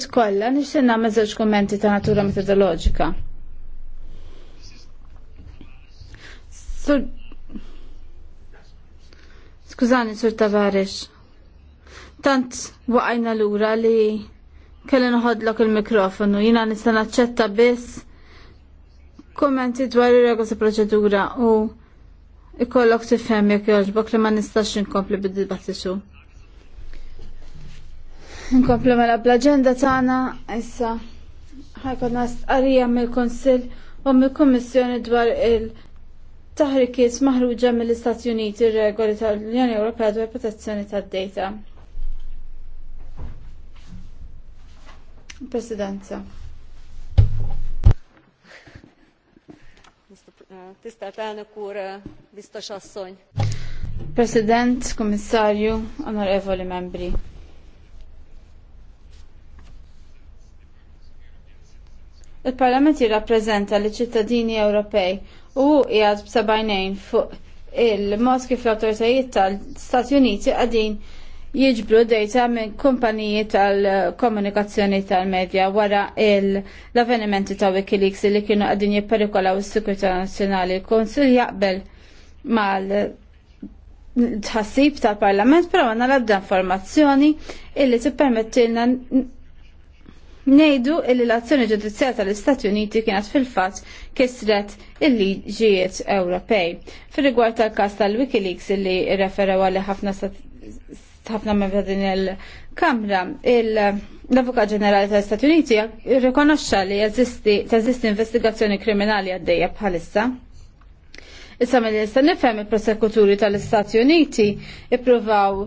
Tkolla, nixtieq nagħmel żewġ kummenti ta' natura metodoloġika. Skużani, Sur Tavares. Tant waqajna lura li kelli noħodlok il-mikrofonu, jina nista' naċċetta biss kommenti dwar ir-regola proċedura u ikollok tifhem jekk jogħġbok li ma nistax inkompli bid-dibattitu. Nkomplu mela bl-agenda tagħna issa ħajkonna stqarrija mill-Kunsill u mill-Kummissjoni dwar il-taħrikiet maħruġa mill-Istati Uniti regoli tal-Unjoni Ewropea dwar protezzjoni tad-data. Presidenza. Eh, tisztelt elnök úr, eh, biztos asszony! President, Kommissarju, onorevoli membri! Il-Parlament jirrappreżenta li ċittadini Ewropej u jgħad b'sabajnejn fuq il-mod kif l-autoritajiet tal-Stati Uniti għadin jiġbru dejta minn kumpaniji tal-komunikazzjoni tal-medja wara l-avvenimenti ta' Wikileaks li kienu għadin jipperikolaw s sikurtà nazzjonali. Il-Konsil jaqbel mal tħassib tal-Parlament, però għanna l-abda informazzjoni illi tippermettilna Nejdu illi l-azzjoni ġudizzjata tal-Istati Uniti kienet fil-fatt kisret il-liġijiet Ewropej. Fil-rigward tal-kas tal-Wikileaks illi referaw għalli ħafna ħafna ma' din il-Kamra, l-Avukat Ġenerali tal-Istati Uniti rikonoxxa li jeżisti investigazzjoni kriminali għaddejja bħalissa. Issa mill-istan nifhem il-prosekuturi tal-Istati Uniti ippruvaw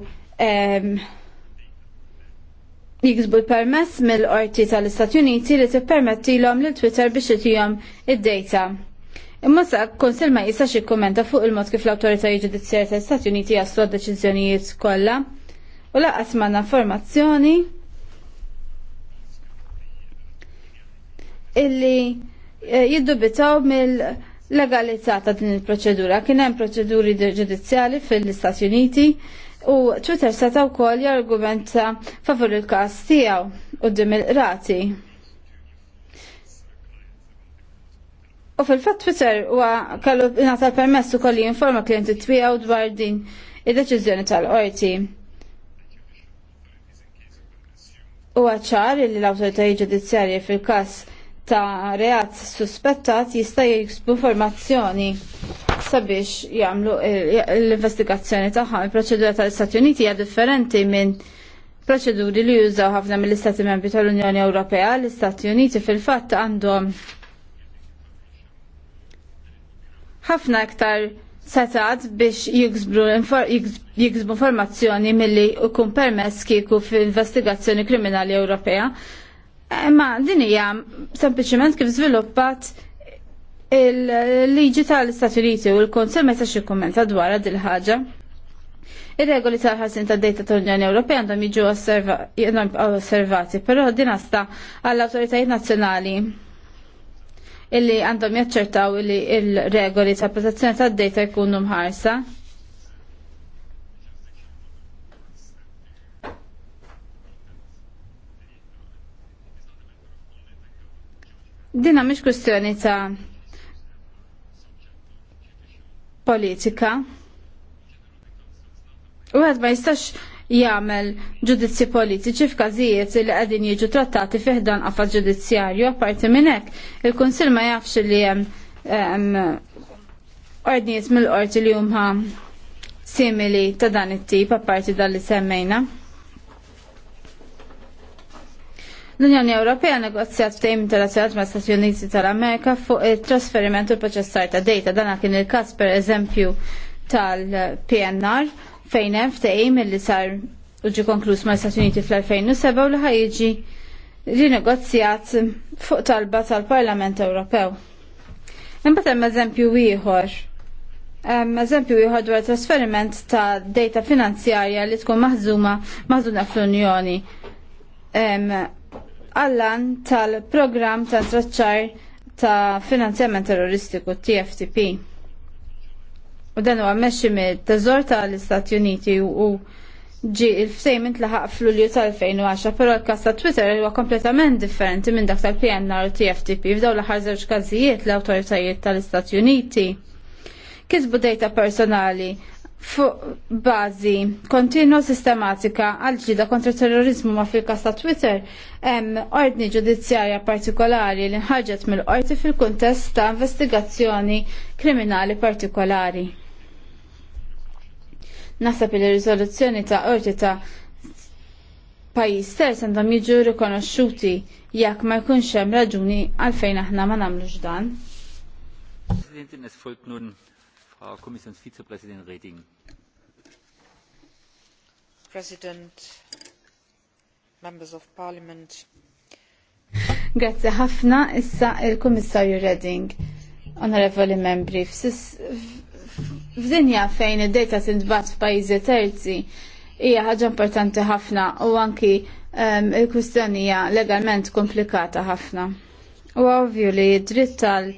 jiksbu l-permess mill-qorti tal-Istati Uniti li tippermettilhom l Twitter biex itihom id-data. Imma sa konsil ma jistax jikkumenta fuq il-mod kif l autorita jġudizzjeri tal-Istati Uniti jaslu d-deċiżjonijiet kollha u la' manna formazzjoni illi eh, jiddubitaw mill-legalizzata din il-proċedura. Kien hemm proċeduri ġudizzjali fil-Istati Uniti U Twitter seta wkoll jargumenta favur il-każ tiegħu quddiem il rati U fil-fatt Twitter huwa kellu ingħata permess ukoll jinforma klienti tijaw dwar din id-deċiżjoni tal-qorti. U ċar li l-awtoritajiet ġudizzjarji fil-każ ta' reat suspettat jista' jiksbu informazzjoni sabiex jagħmlu l-investigazzjoni taħħa, Il-proċedura tal-Istati Uniti hija differenti minn proċeduri li jużaw ħafna mill-Istati Membri tal-Unjoni Ewropea. L-Istati Uniti fil-fatt għandhom ħafna iktar setat biex jiksbu informazzjoni milli ukun permess kieku fil-investigazzjoni kriminali Ewropea. Eh, ma din hija sempliċement kif żviluppat il-liġi tal-Istati Uniti u l-Konsil ma jistax jikkummenta dwar dil ħaġa Ir-regoli tal-ħasin ta' data tal-Unjoni Ewropea għandhom jiġu osservati, però din għasta għall-autoritajiet nazzjonali illi għandhom jaċċertaw illi il-regoli ta' protezzjoni ta' data jkunu mħarsa. Dina mhix kwestjoni ta' politika. U għed ma jistax jagħmel ġudizzi politiċi f'każijiet li qegħdin jiġu trattati fiħdan għafat ġudizzjarju apparti minn hekk il-Kunsill ma jafx li hemm ordnijiet mill-qorti li huma simili ta' dan it-tip apparti dan li semmejna. L-Unjoni Ewropea negozjat ftehim internazzjonali ma' Stati Uniti tal-Amerika fuq il-trasferiment u l-proċessar ta' data. Dan kien il-każ per eżempju tal-PNR fejn hemm ftehim li sar u ġi konkluż ma' Stati Uniti fl-2007 u li ħajġi rinegozjat fuq talba tal-Parlament Ewropew. Imbagħad hemm eżempju ieħor Eżempju ieħor dwar trasferiment ta' data finanzjarja li tkun maħżuma maħżuna fl-Unjoni għallan tal-program ta' traċċar ta' finanzjament terroristiku TFTP. U dan huwa meċi mit-teżor tal-Istati Uniti u ġi il fsejment laħaq fl-ulju tal-2010, pero l-kas ta' Twitter huwa kompletament differenti minn dak tal-PNR u TFTP f'daw l-aħħar żewġ każijiet l-awtoritajiet tal-Istati Uniti. Kisbu data personali fuq bazi, kontinu sistematika għal ġida kontra terrorizmu ma fil kasta Twitter hemm ordni ġudizzjarja partikolari li nħarġet mill-qorti fil-kuntest ta' investigazzjoni kriminali partikolari. Nasab li riżoluzzjoni ta' qorti ta' pajjiż sters għandhom jiġu rikonoxxuti jekk ma jkunx hemm raġuni għalfejn aħna ma nagħmlux dan uh, Kommissionsvizepräsident Reding. President, members of parliament. Grazie ħafna issa il-Kummissarju Reding. Onorevoli membri, f'dinja fejn id-data tintbat f'pajjiżi terzi hija ħaġa importanti ħafna u anki um, ehm, il-kwistjonija legalment komplikata ħafna. U ovvju li dritt tal-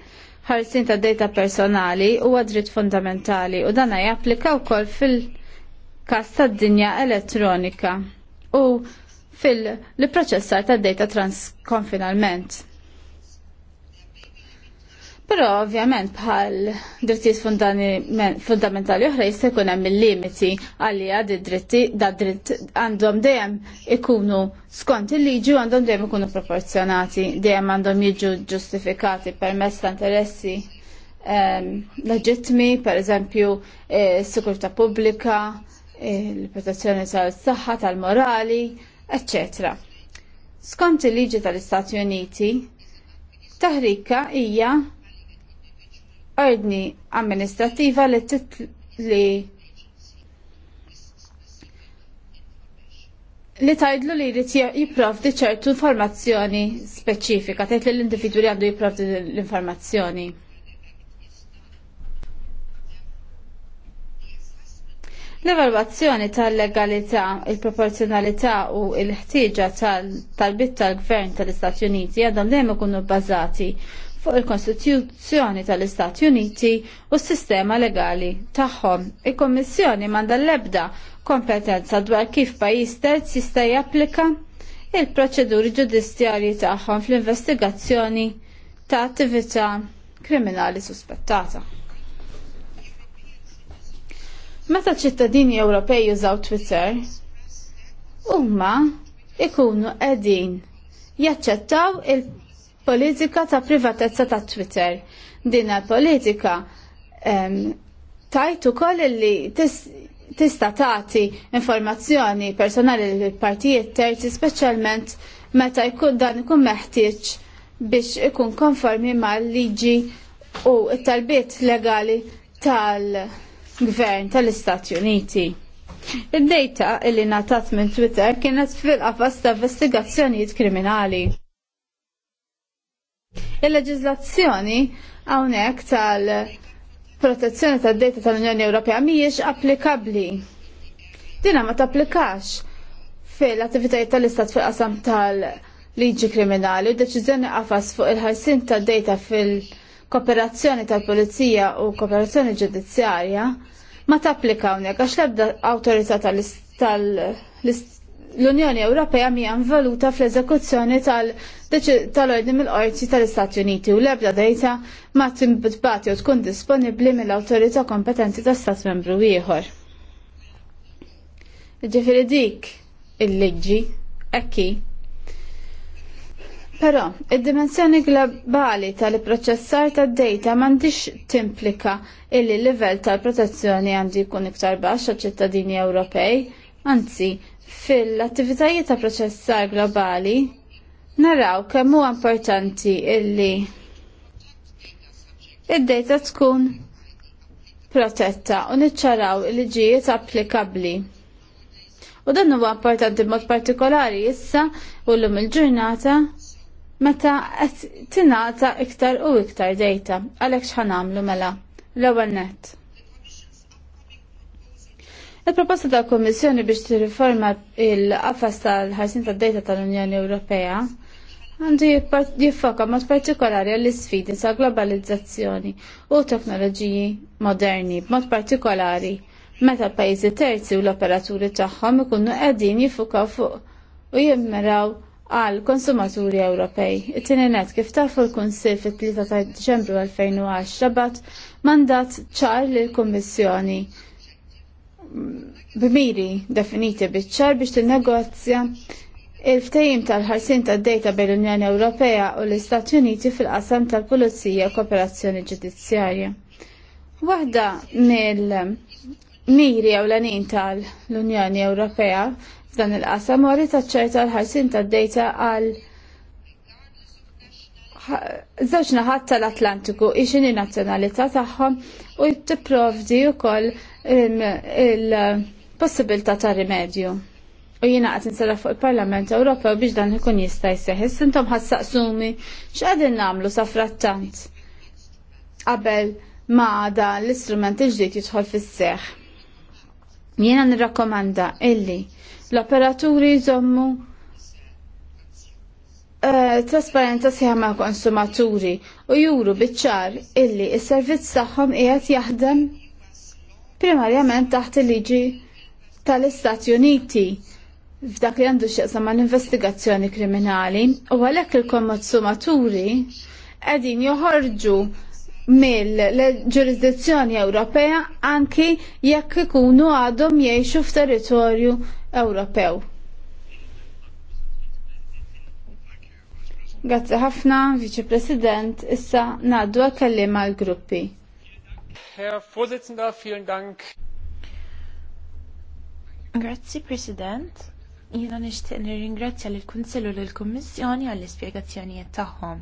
ħarsin ta' data personali huwa dritt fundamentali u dana japplika wkoll fil-każ tad-dinja elettronika u fil-proċessar tad data transkonfinalment. Però ovvjament bħal drittijiet fundamentali oħra jista' jkun hemm il-limiti għalija di dritti da dritt għandhom dejjem ikunu skont il-liġi għandhom dejjem ikunu proporzjonati, dejjem għandhom jiġu ġustifikati permezz ta' interessi ehm, leġittmi, per eżempju, eh, s-sikurta pubblika, il-protezzjoni tal-saħħa, tal-morali, eccetera. Skont il-liġi tal-Istati Uniti, taħrika hija ordni amministrativa li titli li tajdlu li jrid jipprovdi ċertu informazzjoni speċifika, tajt li l-individu li għandu jipprovdi l-informazzjoni. L-evalwazzjoni tal-legalità, il-proporzjonalità u l-ħtieġa tal-bit tal-gvern tal-Istati Uniti għadhom dejjem ikunu bbażati fuq il-Kostituzzjoni tal-Istati Uniti u s-sistema legali tagħhom. Il-Kommissjoni manda l-ebda kompetenza dwar kif pajjiż terz jista' japplika il-proċeduri ġudizzjarji tagħhom fl-investigazzjoni ta' attività kriminali suspettata. Meta ċittadini Ewropej jużaw Twitter, huma ikunu qegħdin jaċċettaw il- politika ta' privatezza ta' Twitter. Din politika tajtu koll li tista' tagħti informazzjoni personali lill partijiet terzi speċjalment meta jkun dan ikun meħtieġ biex ikun konformi mal-liġi u t-talbiet legali tal-gvern tal-Istati Uniti. Id-dejta illi natat minn Twitter kienet fil-qafas ta' investigazzjonijiet kriminali. Il-leġizlazzjoni hawnhekk tal-protezzjoni tad-data tal-Unjoni Ewropea miex applikabbli. Dina ma tapplikax fil-attivitajiet tal-Istat fil-qasam tal-liġi kriminali u deċiżjoni għafas fuq il-ħarsin tad-data fil-kooperazzjoni tal-Pulizija u kooperazzjoni ġudizzjarja ma t hawnhekk għax l-ebda awtorità tal-Istat l-Unjoni Ewropea mi valuta fl-eżekuzzjoni tal-ordni mill-qorti tal-Istati Uniti u l-ebda dejta ma timbati u tkun disponibli mill autorita kompetenti ta' stat membru ieħor. Ġifiri dik il-liġi, ekki. Però, id-dimensjoni globali tal-proċessar tad-dejta m'għandix timplika il l-livell tal-protezzjoni għandi jkun iktar baxx ċittadini Ewropej, anzi, Fil-attivitajiet ta' proċessar globali, naraw kemm huwa importanti illi id-data tkun protetta u niċċaraw il-ġijiet applikabbli. U dan huwa importanti b'mod partikolari issa u llum il-ġurnata meta qed tingħata iktar u iktar data għalhekk x'ħanamlu mela l-ewwel nett. Il-proposta tal kommissjoni biex tirriforma il-qafas tal-ħarsin tad-dejta tal-Unjoni Ewropea għandu jiffoka mod partikolari għall sfidi sa' globalizzazzjoni u teknoloġiji moderni b'mod partikolari meta pajjiżi terzi u l-operaturi tagħhom ikunu qegħdin jiffukaw fuq u jimmiraw għal konsumaturi Ewropej. It-tieni net kif tafu l-Kunsill fit-3 ta' Diċembru 2010 bat mandat ċar lill-Kummissjoni b'miri definiti biċ-ċar biex tinnegozja il ftejim tal-ħarsin tad-dejta bejn l-Unjoni Ewropea u l-Istati Uniti fil-qasam tal-Pulizija u Kooperazzjoni Ġudizzjarja. Waħda mill-miri ewlenin tal-Unjoni Ewropea f'dan il-qasam u għarri taċċerta l-ħarsin tad-dejta għal Zawġ naħat tal-Atlantiku ixini nazzjonalità tagħhom u jittiprovdi wkoll il-possibilità ta' rimedju. U jina għat nsara fuq il-Parlament Ewropew biex dan ikun jista' jseħħ. Sintom ħassaqsumi x'qegħdin nagħmlu sa frattant qabel ma dan l-istrument il-ġdid jidħol fis-seħħ. Jiena nirrakkomanda illi l-operaturi jżommu eh, trasparenza sħiħa ma' konsumaturi u juru biċ-ċar illi s-servizz tagħhom qiegħed jaħdem primarjament taħt il-liġi tal-Istati Uniti f'dak li għandu xieqsa ma' investigazzjoni kriminali u għalhekk il-konsumaturi qegħdin joħorġu mill-ġurisdizzjoni Ewropea anki jekk ikunu għadhom jgħixu f'territorju Ewropew. Grazzi ħafna, Viċi President, issa naddu għakallim għal-gruppi. Herr Vorsitzender, vielen Dank. Grazzi President. Jiena nixtieq nirringrazzja lill kunsillu lill kummissjoni għall ispjegazzjonijiet tagħhom.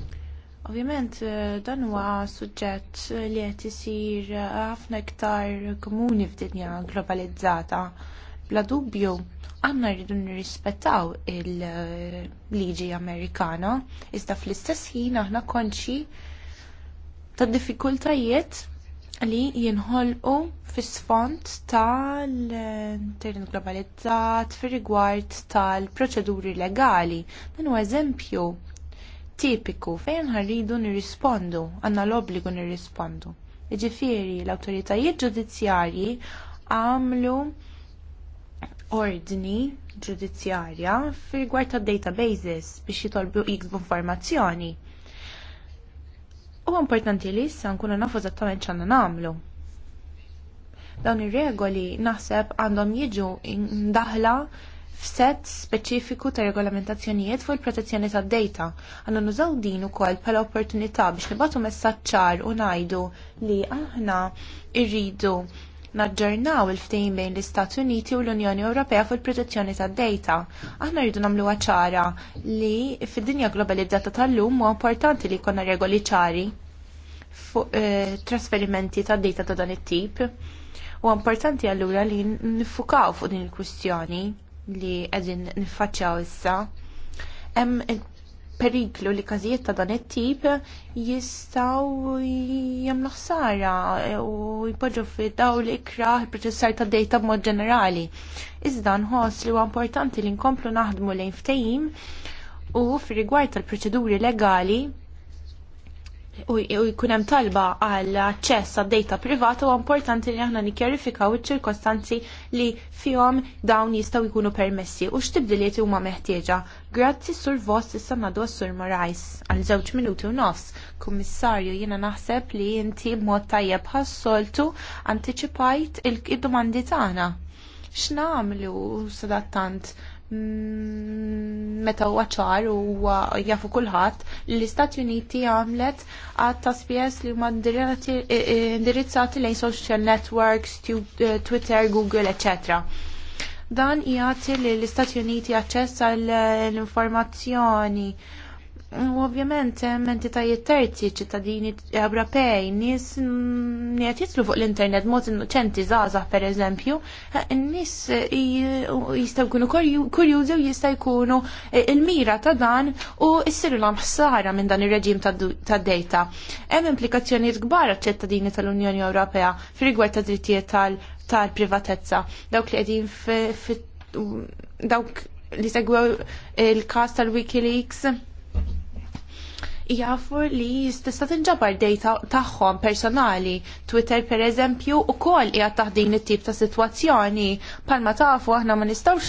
Ovvjament eh, dan huwa suġġett li qed isir eh, ħafna iktar komuni f'dinja globalizzata. Bla dubju, għandna rridu nirrispettaw il-liġi Amerikana, iżda fl-istess ħin aħna konxi ta' diffikultajiet li jinħolqu fis-sfond tal-internet globalizzat fir rigward tal-proċeduri legali. Dan huwa eżempju tipiku fejn ħarridu nirrispondu, għandna l-obbligu nirrispondu. Jiġifieri l-awtoritajiet ġudizzjarji għamlu ordni ġudizzjarja fir rigward tad databases biex jitolbu jiksbu informazzjoni U importanti li issa nkunu nafu zattament x'għandna nagħmlu. Dawn ir-regoli naħseb għandhom jiġu ndaħla f'set speċifiku ta' regolamentazzjonijiet fuq il-protezzjoni tad data Għanna nużaw din ukoll bħala opportunità biex nibatu messaċċar u ngħidu li aħna irridu naġġornaw il-ftehim bejn l-Istati Uniti u l-Unjoni Ewropea fuq il-protezzjoni tad-dejta. Aħna rridu nagħmluha ċara li fid-dinja globalizzata tal-lum huwa importanti li jkollna regoli ċari fuq eh, trasferimenti tad-dejta ta' dan it-tip. Huwa importanti allura li nifukaw fuq din il-kwistjoni li qegħdin niffaċċjaw issa. Hemm periklu li każijiet ta' dan it-tip jistgħu jagħmlu ħsara u jpoġġu fid-daw li ikraħ il-proċessar ta' dejta b'mod ġenerali. Iżda nħoss li huwa importanti li nkomplu naħdmu lejn ftehim u fir-rigward tal-proċeduri legali u jkun hemm talba għal aċċess għad data privata u importanti li aħna nikkjarifikaw iċ-ċirkostanzi li fihom dawn jistgħu jkunu permessi u x'tibdiliet huma meħtieġa. Grazzi sur vost issa ngħadu sur Morais għal żewġ minuti u nofs. Kummissarju jiena naħseb li inti b'mod tajjeb ħassoltu antiċipajt il-domandi tagħna. X'nagħmlu sadattant tant Mm, meta huwa ċar u jafu kulħadd l-Istati Uniti għamlet għad ta' li huma indirizzati lejn social networks, eh, Twitter, Google, etc. Dan jagħti li l-Istati Uniti aċċess għall informazzjoni Ovvjament, hemm entitajiet terzi, ċittadini Ewropej, nies mm, qed jitlu fuq l-internet mod innoċenti żgħażagħ pereżempju, eh, n-nies jistgħu jkunu kurjużi u jista' jkunu eh, il-mira ta' dan u ssiru l ħsara minn dan ir-reġim tad-dejta. Hemm implikazzjonijiet kbar għaċ-ċittadini tal-Unjoni Ewropea firigward rigward ta' drittijiet tal-privatezza. Dawk li qegħdin dawk li segwew il-każ tal-Wikileaks jafu li tista' tinġabar dej tagħhom personali. Twitter pereżempju ukoll qiegħed taħdin it-tip ta' sitwazzjoni. Palma tafu aħna ma nistgħux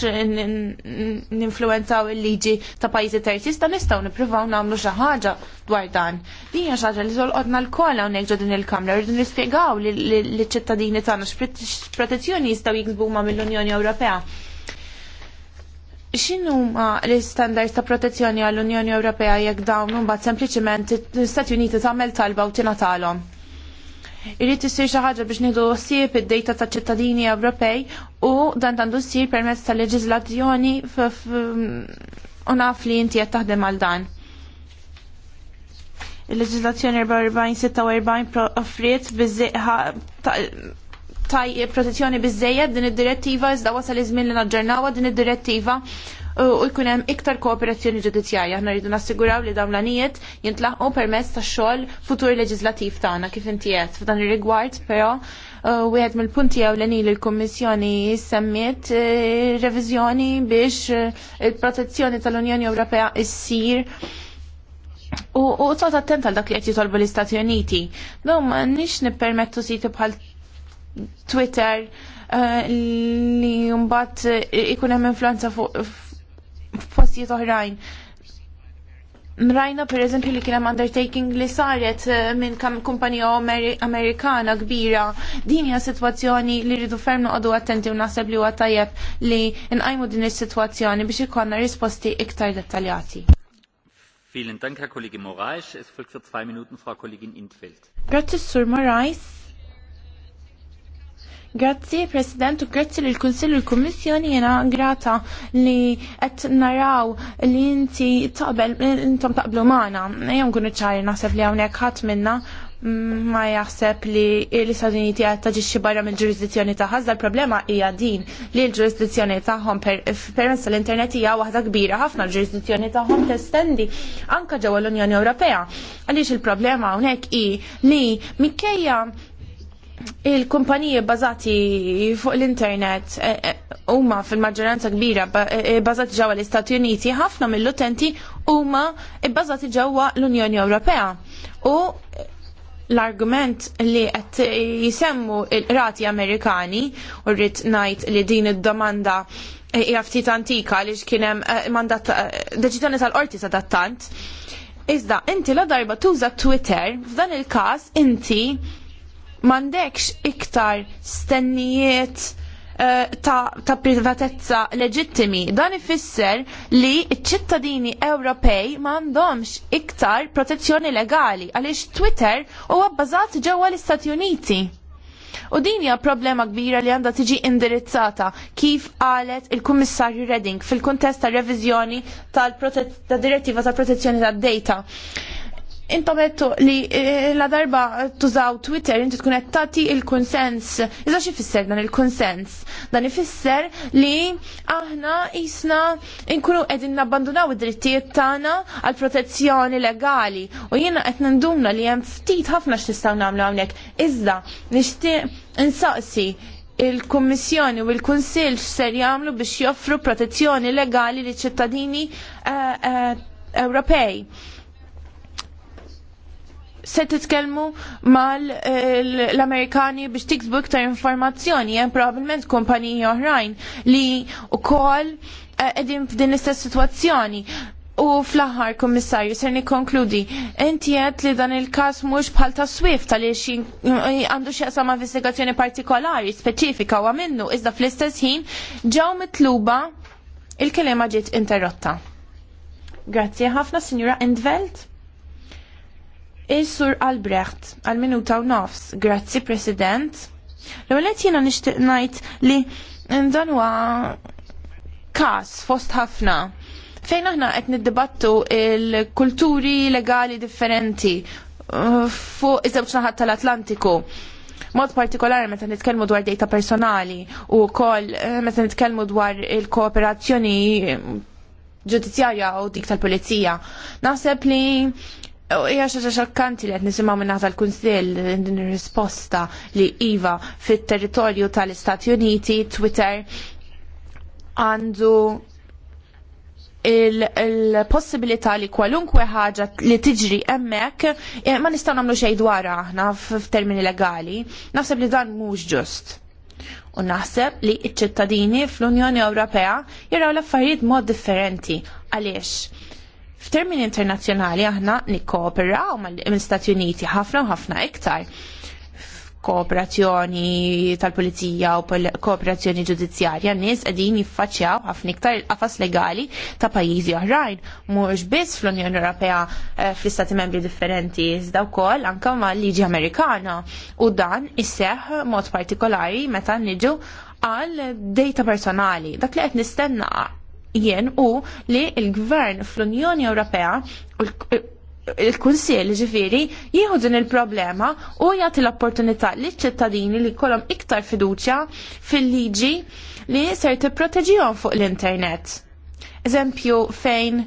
influenzaw il-liġi ta' pajjiżi terzi, sta nistgħu nippruvaw nagħmlu xi ħaġa dwar dan. Dinja xaħġa li ħaġa li tolqodna l-koll hawnhekk din il-Kamra rridu nispjegaw liċ-ċittadini tagħna x'protezzjoni jistgħu jiksbu ma' mill-Unjoni Ewropea xinu l istandards ta' protezzjoni għall-Unjoni Ewropea jekk dawn bat sempliċement l-Istati Uniti tagħmel talba u tina Irrid issir xi ħaġa biex nidu ssieb id-dejta taċ ċittadini Ewropej u dan għandu ssir permezz ta' leġiżlazzjoni u naf li inti qed taħdem għal dan. Il-leġiżlazzjoni 44-46 offriet ta' tajjeb protezzjoni biżejjed din id-direttiva iżda wasal iż-żmien li naġġornawha din id-direttiva u jkun hemm iktar kooperazzjoni ġudizzjarja. Aħna rridu nassiguraw li dawn l-anijiet jintlaqgħu permezz tax-xogħol futur leġislattiv tagħna kif inti qed. F'dan ir-rigward però wieħed mill-punti ewleni li l-Kummissjoni semmiet eh, reviżjoni biex eh, il-protezzjoni tal-Unjoni Ewropea issir U, u attent għal dak li qed jitolbu l-Istati Uniti. Dawn m'għandniex nippermettu siti bħal Twitter uh, li mbagħad eh, ikun hemm influenza fuq f'postijiet oħrajn. Rajna per eżempju li kienem undertaking li saret eh, minn kumpanija Amerikana kbira. Din hija sitwazzjoni li rridu ferm noqogħdu attenti u naħseb li huwa tajjeb li nqajmu din is-sitwazzjoni biex ikollna risposti iktar dettaljati. Vielen Dank, Herr Kollege Moraes. Es folgt für zwei Minuten Frau Kollegin Intfeld. Grazie, Sur Moraes. Grazzi, President, u grazzi l kunsill u l-Kommissjoni jena grata li qed naraw li inti taqbel, intom taqblu maħna. Jom kunu ċari naħseb li hawnhekk ħadd minna mm, ma jaħseb li l-Istati Uniti qed taġixxi barra mill-ġurisdizzjoni tagħha, l-problema hija din li l-ġurisdizzjoni tagħhom permezz l-internet hija waħda kbira ħafna l-ġurisdizzjoni tagħhom testendi anke ġewwa l-Unjoni Ewropea. Għaliex il-problema hawnhekk hi li mikkejja il-kumpaniji bazati fuq l-internet eh, eh, huma fil-maġġoranza kbira eh, bazati ġewwa l-Istati Uniti, ħafna mill-utenti huma bbażati ġewwa l-Unjoni Ewropea. U l-argument li qed jisemmu l-rati Amerikani u rrid ngħid li din id-domanda hija ftit antika li kien hemm mandat deċiżjoni tal-qorti sa dattant. Iżda, inti la darba tuża Twitter, f'dan il-każ inti m'għandekx iktar stennijiet eh, ta', ta privatezza leġittimi. Dan ifisser li ċ-ċittadini Ewropej m'għandhomx iktar protezzjoni legali għaliex Twitter huwa bbażat ġewwa l-Istati Uniti. U din hija problema kbira li għandha tiġi indirizzata kif qalet il-Kummissarju Redding fil-kuntest ta' reviżjoni tal-direttiva tal protezzjoni tad-data intom għettu li eh, la darba tużaw Twitter inti tkun qed tagħti il-konsens. Iżda xi fisser dan il-konsens? Dan ifisser li aħna jisna nkunu qegħdin nabbandunaw id-drittijiet tagħna għal protezzjoni legali u jiena qed nindumna li hemm ftit ħafna x'tistgħu nagħmlu hawnhekk. Iżda nixtieq insaqsi il-Kommissjoni u l-Kunsill x'ser jagħmlu biex joffru protezzjoni legali li ċittadini eh, eh, Ewropej. Uh, uh, se titkellmu mal l-Amerikani biex tiksbu iktar informazzjoni, hemm probabbilment kumpaniji oħrajn li wkoll eh, qegħdin f'din l-istess sitwazzjoni. U fl-aħħar, kummissarju, ser nikkonkludi, inti qed li dan il-każ mhux bħal ta' Swift għaliex għandu x'jaqsam investigazzjoni partikolari speċifika u għamennu, iżda fl-istess ħin ġew mitluba il-kelema ġiet interrotta. Grazzi ħafna, Signora Endveld. Is-Sur Albrecht, għal-minuta u nofs, grazzi President. l għalet jena nishtiq najt li dan huwa kas fost ħafna fejn aħna qed niddibattu il-kulturi legali differenti uh, fuq iż-żewġ naħat tal-Atlantiku. Mod partikolari meta nitkellmu dwar data personali u wkoll uh, meta nitkellmu dwar il-kooperazzjoni ġudizzjarja u dik tal-pulizija. Naħseb li Ija xaġa xokkanti li għed nisimaw minna tal-Kunsil din risposta li Iva fit-territorju tal-Istati Uniti, Twitter, għandu il-possibilità li kwalunkwe ħaġa li tiġri emmek e, ma nistaw namlu xej dwar aħna f'termini legali, naħseb li dan mhux ġust. U naħseb li ċ-ċittadini fl-Unjoni Ewropea jiraw l-affarijiet mod differenti. Għaliex? F'termini internazzjonali aħna nikkooperaw mal-Istati Uniti ħafna u ħafna iktar kooperazzjoni tal-pulizija u kooperazzjoni ġudizzjarja nies qegħdin jiffaċċjaw ħafna iktar qafas legali ta' pajjiżi oħrajn mhux biss fl-Unjoni Ewropea eh, fl-istati membri differenti iżda wkoll anke mal-liġi Amerikana u dan isseħħ mod partikolari meta niġu għal data personali dak li qed nistenna jien u li il-Gvern fl-Unjoni Ewropea il-Kunsill ġifiri jieħu din il-problema u jagħti l-opportunità li ċittadini li kolom iktar fiduċja fil-liġi li ser tipproteġihom fuq l-internet. Eżempju fejn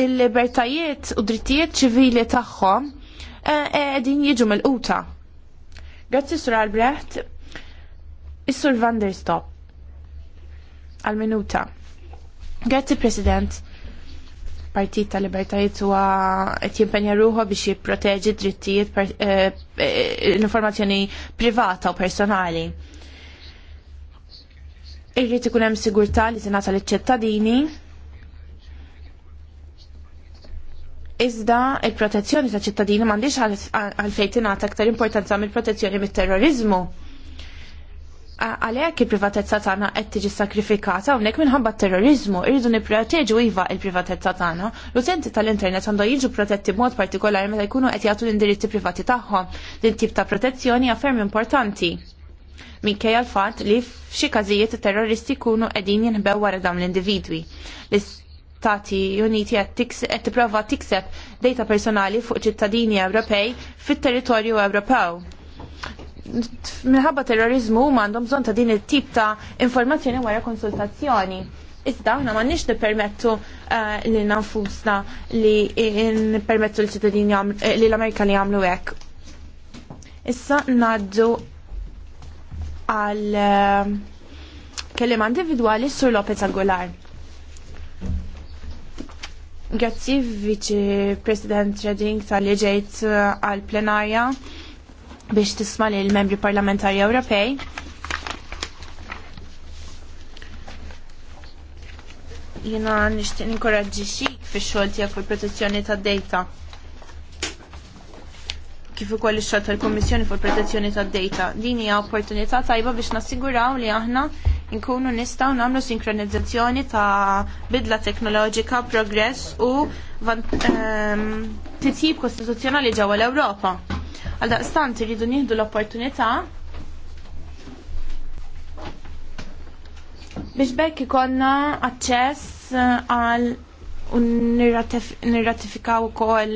il-libertajiet u drittijiet ċivili tagħhom eh, qegħdin jiġu mill-quta. Grazzi Sur Albrecht, is-Sur Vanderstop al minuta Grazzi President. Partit ta' Libertajiet huwa qed jimpenja ruħu biex jipproteġi drittijiet eh, eh, l-informazzjoni privata u personali. Irrid ikun hemm sigurtà li tingħata liċ-ċittadini Iżda il-protezzjoni ta' ċittadini m'għandix għalfejn tingħata aktar importanza mill-protezzjoni mit-terrorizmu għalhekk il-privatezza tagħna qed tiġi sakrifikata hawnhekk minħabba terrorizmu irridu nipproteġu iva il-privatezza tagħna. L-utenti tal-internet għandhom jiġu protetti b'mod partikolari meta jkunu qed jagħtu l-indirizzi privati tagħhom. Din tip ta' protezzjoni affermi importanti minkejja l-fatt li f'xi każijiet terroristi jkunu qegħdin jinħbew wara dawn l-individwi. Stati Uniti qed tipprova tikseb data personali fuq ċittadini Ewropej fit-territorju Ewropew minħabba terrorizmu huma għandhom bżonn ta' din it-tip ta' informazzjoni wara konsultazzjoni. Iżda aħna m'għandniex nippermettu eh, li nanfusna li nippermettu l-ċittadini eh, li l-Amerika li jagħmlu hekk. Issa ngħaddu għal eh, kelliem individwali sur Lopez Angular. Grazzi, Viċi President Redding tal-li ġejt għal plenarja biex tisma li l-membri parlamentari Ewropej. Jina nishtiq ninkoraġġi xik fi xogħol tiegħek fil-protezzjoni tad-data. Kif ukoll ix-xogħol tal-Kummissjoni il protezzjoni tad-data. Din hija opportunità tajba biex nassiguraw li aħna nkunu nistgħu nagħmlu sinkronizzazzjoni ta' bidla teknoloġika, progress u ehm, titjib kostituzzjonali ġewwa l-Ewropa Għaldaqstant iridu nieħdu l-opportunità biex bekk ikonna aċċess għal nirratifikaw ukoll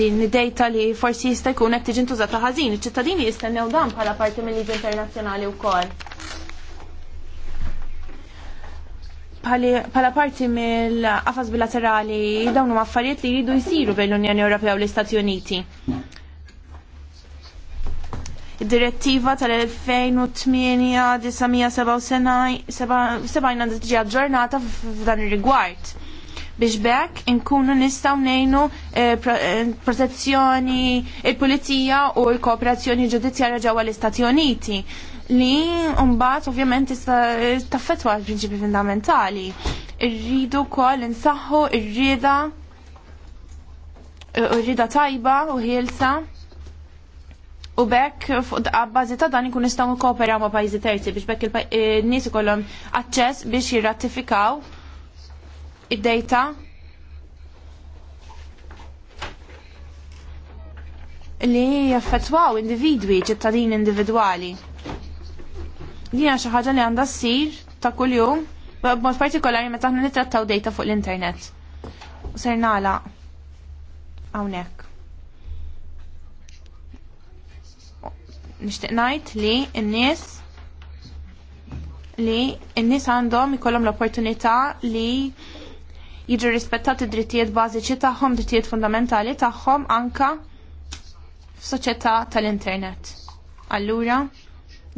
din id-dejta li forsi jista' jkun qed tiġi ntużata ħażin, iċ-ċittadini jistennew dan bħala parti mill-liġi internazzjonali wkoll. pala parti mill-qafas bilaterali dawn huma affarijiet li jridu jsiru bejn l-Unjoni Ewropea u l-Istati Uniti. Id-direttiva tal-2008-977 għandha tiġi aġġornata f'dan ir-rigward biex bekk inkunu nistaw nejnu eh, eh, protezzjoni il-pulizija u l-kooperazzjoni ġudizzjarja ġewwa l-Istati Uniti li mbagħad ovvjament taffetwa taffettwa l-prinċipi fundamentali. Irridu wkoll insaħħu ir-rieda rida tajba u ħielsa u bekk fuq ta' dan ikun nistgħu nikkooperaw ma' pajjiżi terzi biex bekk il-nies eh, ikollhom aċċess biex jirratifikaw id-dejta li jaffettwaw individwi ċittadini individwali. Dina xi ħaġa li għandha ssir ta' kuljum, b'mod partikolari meta aħna nittrattaw dejta fuq l-internet. U ser nagħlaq hawnhekk. Nixtieq ngħid li n-nies li n-nies għandhom ikollhom l-opportunità li jiġu rispettati drittijiet bażiċi tagħhom, drittijiet fundamentali tagħhom anka f'soċjetà tal-internet. Allura,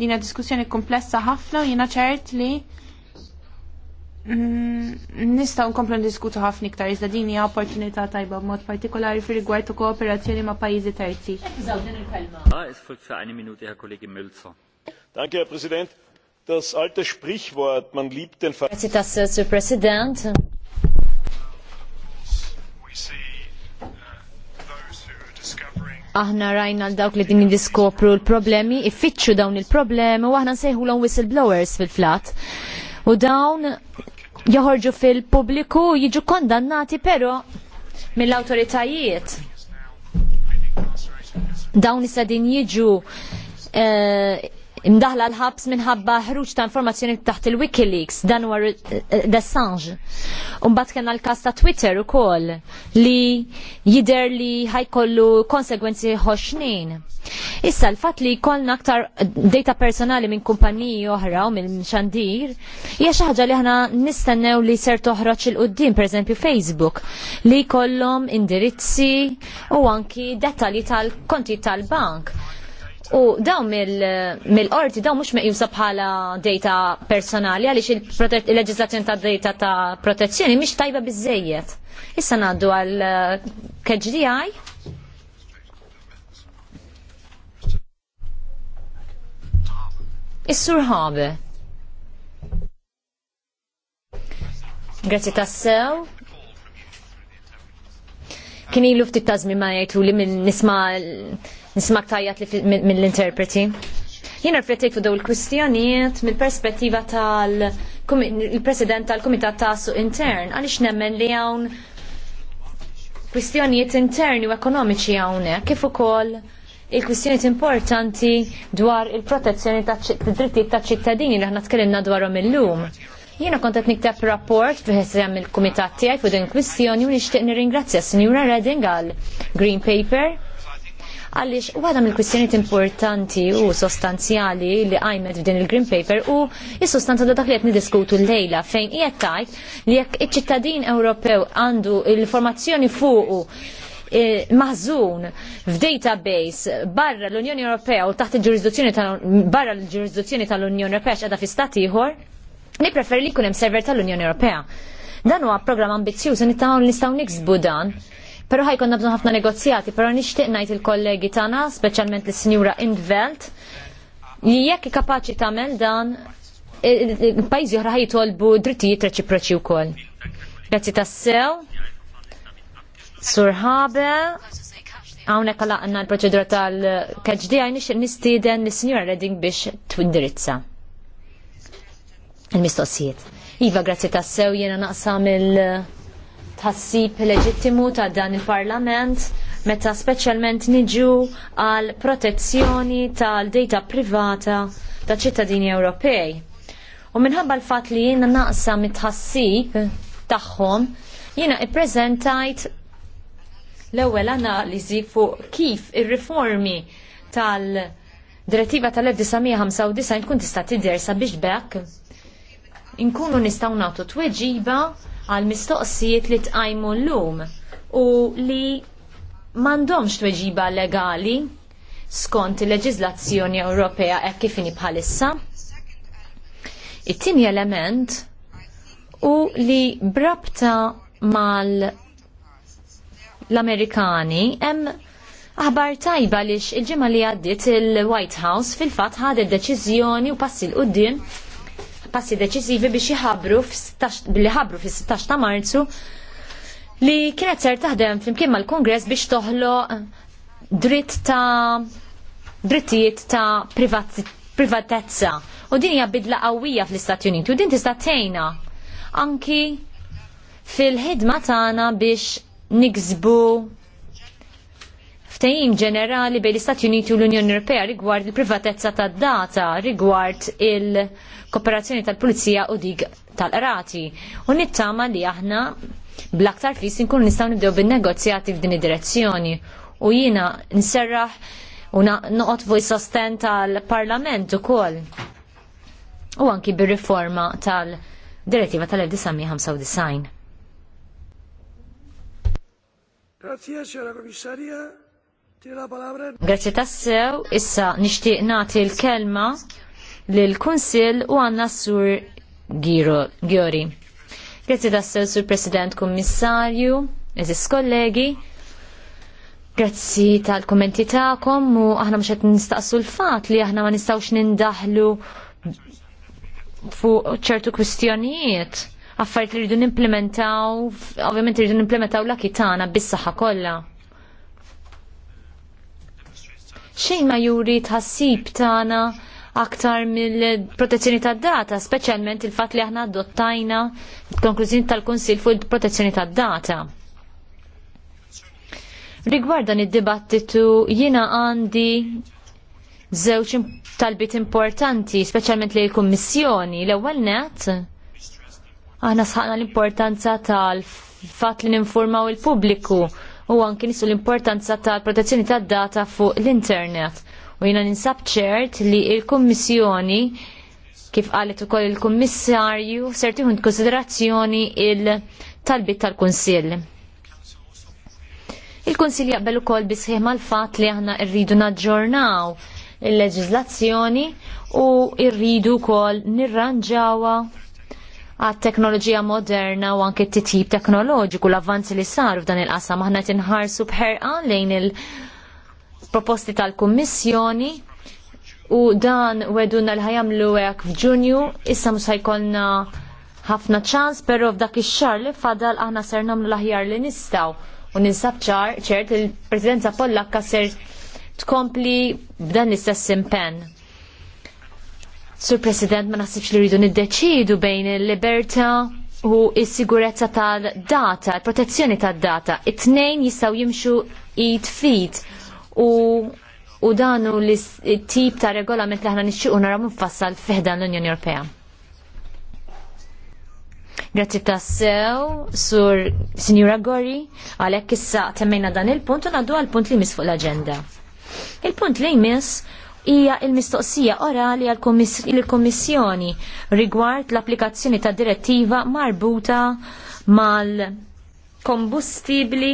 Dina diskussjoni komplessa ħafna u jiena ċert li mm, Nistaw nkomplu diskutu ħafna iktar iżda din hija opportunità tajba b'mod partikolari fi rigward u kooperazzjoni ma' pajjiżi terzi. Ah, Danke, Herr Präsident. Das alte Sprichwort, man liebt den Feind. Grazie, Sir President. We see aħna rajna l dawk li din diskopru l-problemi, iffittxu dawn il-problemi u aħna nsejħu l whistleblowers fil-flat. U dawn joħorġu fil-pubbliku jiġu kondannati pero mill-autoritajiet. Dawn is din jiġu eh, imdaħla l-ħabs minħabba ħruġ ta' informazzjoni taħt il-Wikileaks dan war eh, d-Assange. Umbat kena l-kas ta' Twitter u koll li jider li ħajkollu konsegwenzi ħoxnin. Issa l-fat li kollna aktar data personali minn kumpaniji oħra u minn xandir, hija xi ħaġa li aħna nistennew li ser toħroġ il-qudiem, pereżempju Facebook, li kollom indirizzi u anki dettalji tal-konti tal-bank U daw mill-qorti, daw mux meqjusa bħala data personali, għalix il-leġizzazzjoni ta' data ta' protezzjoni miex tajba bizzejiet. Issa naddu għal uh, KGDI. Is-sur ħabe. Grazzi tassew kien ilu ftit tażmi ma jgħidu li minn nisma nismak tajjat mill-interpreti. Jien riflettit fuq daw il-kwistjonijiet mill-perspettiva tal-President tal-Kumitat ta' Suq Intern għaliex nemmen li hawn kwistjonijiet interni u ekonomiċi hawnhekk kif ukoll il-kwistjoniet importanti dwar il-protezzjoni ta' drittijiet ta' ċittadini li aħna tkellimna dwarhom illum. Jiena kont qed nikteb rapport fiħessem il-kumitat tiegħi fuq din kwistjoni u nixtieq nirringrazzja Sinjura Redding għal Green Paper għaliex waħda mill-kwistjonijiet importanti u sostanzjali li għajmet f'din il-Green Paper u is-sostanza ta' li qed niddiskutu l-lejla fejn qiegħed tajt li jekk iċ-ċittadin Ewropew għandu l-formazzjoni fuqu eh, maħżun f'database barra l-Unjoni Ewropea u taħt il-ġurisdizzjoni barra l-ġurisdizzjoni tal-Unjoni Ewropea x'għadha fi stat ieħor, nippreferi li jkun hemm server tal-Unjoni Ewropea. Dan huwa programm ambizzjuż nistgħu nistgħu niksbu dan Pero ħajkonna bżon ħafna negozjati, pero nixtieq ngħid il-kollegi tagħna, speċjalment l sinjura Indvelt, li jekk kapaċi tagħmel dan pajjiżi oħra ħajtolbu drittijiet reċiproċi wkoll. Grazzi tassew. Sur għawne hawnhekk laqna l-proċedura tal-catch għaj għaj nistieden lis-Sinjura Redding biex twindirizza il-mistoqsijiet. Iva, grazzi tassew, jiena naqsam il- tħassib leġittimu ta' dan il-Parlament meta speċjalment niġu għal protezzjoni tal-data privata ta' ċittadini Ewropej. U minħabba l-fat li jiena naqsa mitħassib tagħhom, jiena ippreżentajt l-ewwel analiżi fuq kif ir-riformi tal-Direttiva tal-1995 tkun tista' tidher sabiex bekk inkunu nistgħu nagħtu tweġiba għal mistoqsijiet li tqajmu llum u li m'għandhomx tweġiba legali skont il-leġiżlazzjoni Ewropea hekk kif bħalissa. It-tieni element u li brabta mal l-Amerikani hemm aħbar tajba lix il-ġimgħa li għaddiet il-White House fil-fatt ħadet deċiżjoni u passi l qudiem passi deċiżivi biex jħabru billi ħabru fis-16 ta' Marzu li kienet ser taħdem flimkien mal-Kongress biex toħlo dritt ta' drittijiet ta' privatezza. U din hija bidla qawwija fl-Istati Uniti u din tista' tgħinha anki fil-ħidma tagħna biex niksbu ftehim ġenerali bejn l-Istati Uniti u l-Unjoni Ewropea rigward il-privatezza tad-data rigward il-kooperazzjoni tal-Pulizija u dik tal-qrati. U nittama li aħna bl-aktar fis nkunu nistgħu nibdew bin-negozjati f'din id-direzzjoni. U jiena nserraħ u noqgħod fuq sosten tal-Parlament ukoll. U anki bir-riforma tal-Direttiva tal-1995. Grazie, signora Commissaria. Grazie tassew, issa nixtieq nagħti l-kelma lill kunsill u għandna sur Giori. Grazie tassew sur President Kummissarju, eżis kollegi. Grazzi tal-kommenti ta'kom u aħna mhux qed nistaqsu l-fat li aħna ma nistgħux nindahlu fuq ċertu kwistjonijiet. Affarijiet li rridu nimplementaw, ovvjament rridu nimplementaw l-akitana bis-saħħa kollha xejn ma juri tħassib tagħna aktar mill-protezzjoni tad-data, speċjalment il-fatt li aħna adottajna konklużjoni tal-Kunsill fuq il-protezzjoni tad-data. Rigward dan id-dibattitu jiena għandi żewġ talbit importanti, speċjalment lil kummissjoni L-ewwel net aħna sħaqna l-importanza tal-fatt li ninformaw il-pubbliku u anki nisu l-importanza tal-protezzjoni tad-data fuq l-internet. U jina ninsab ċert li il-Kummissjoni kif qalet ukoll il-Kummissarju sertiħun konsiderazzjoni il-talbit tal-Kunsill. Il-Kunsill jaqbel ukoll bisħieħ mal-fatt li aħna rridu naġġornaw il-leġiżlazzjoni u rridu wkoll nirranġawha għat teknoloġija moderna u anke t-tip teknoloġiku l-avvanzi li saru f'dan il-qasam aħna tinħarsu bħerqan lejn il-proposti tal-Kummissjoni u dan weduna l-ħajamlu għek f'Ġunju, issa jkollna ħafna ċans, pero f'dak ix-xar li fadal aħna ser nagħmlu l-aħjar li nistaw U ninsab ċar ċert il-Presidenza Pollakka ser tkompli b'dan l-istess impenn Sur President, ma nasibx li rridu niddeċidu bejn il-libertà u s-sigurezza tal-data, protezzjoni tal-data. It-tnejn jistaw jimxu it-fit u u danu l-tip ta' regolament li ħna nixxiequ naraw mfassal fiħdan l-Unjoni Ewropea. Grazzi tassew, sur Sinjura Gori, għalhekk issa temmejna dan il-punt u naddu għall punt li jmiss fuq l aġenda Il-punt li jmiss hija il-mistoqsija orali għall-Kummissjoni rigward l-applikazzjoni ta' direttiva marbuta mal-kombustibli